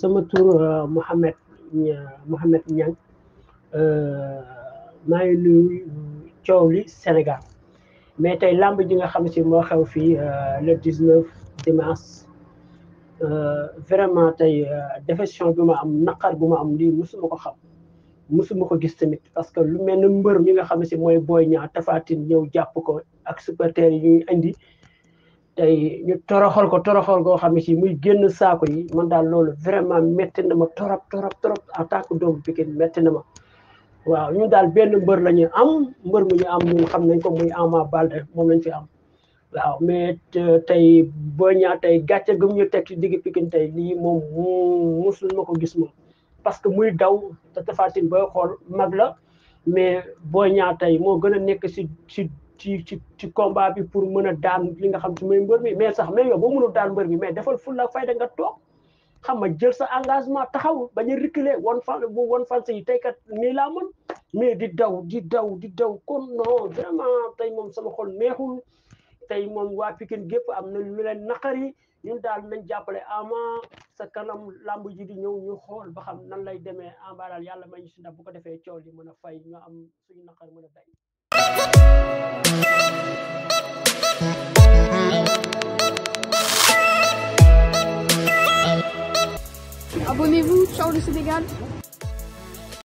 sama tur euh, Mouhamed Mouhamed Niang euh, maa ngi nuyu coow li Sénégal mais tey làmb ji nga xam si moo xew fii euh, le 19 dimanche vraiment tey défection bi ma am naqar bu ma am lii musuma ko xam musuma ko gis tamit parce que lu mel ne mbër mi nga xam si mooy booy Niang Tapha ñëw jàpp ko ak supporters yi indi tey ñu toroxal ko toroxal goo xam ne si muy génn saako yi man daal loolu vraiment métti na ma torop torop torop en tant que doomu Pikine métti na ma waaw ñun daal benn mbër la ñuy am mbër mu ñu am ñun xam nañ ko muy Ama Baldé moom nañ fi am waaw mais tey boo ñaa tey gàcce gëm ñu teg ci digg Pikine tey lii moom musul ma ko gis ma parce que muy daw te Tapha Tine booy xool mag la mais boo ñaa tey moo gën a nekk si si ci ci ci combat bi pour mën a daan li nga xam ci mooy mbër mi mais sax mais yow boo mënul daan mbër mi mais defal fulla ak fayda nga toog xam nga jël sa engagement taxaw bañ a reculer wan fan wan fan yi tey kat nii laa mën mais di daw di daw di daw kon non vraiment tey moom sama xol meexul tey moom waa pikin gépp am na lu leen naqari ñun daal nañ jàppale ama sa kanam làmb ji di ñëw ñu xool ba xam nan lay demee en daal yàlla may ñu si ndax bu ko defee coow li mën a fay ñu am suñu naqar mën a day Abonnez-vous, ciao le Sénégal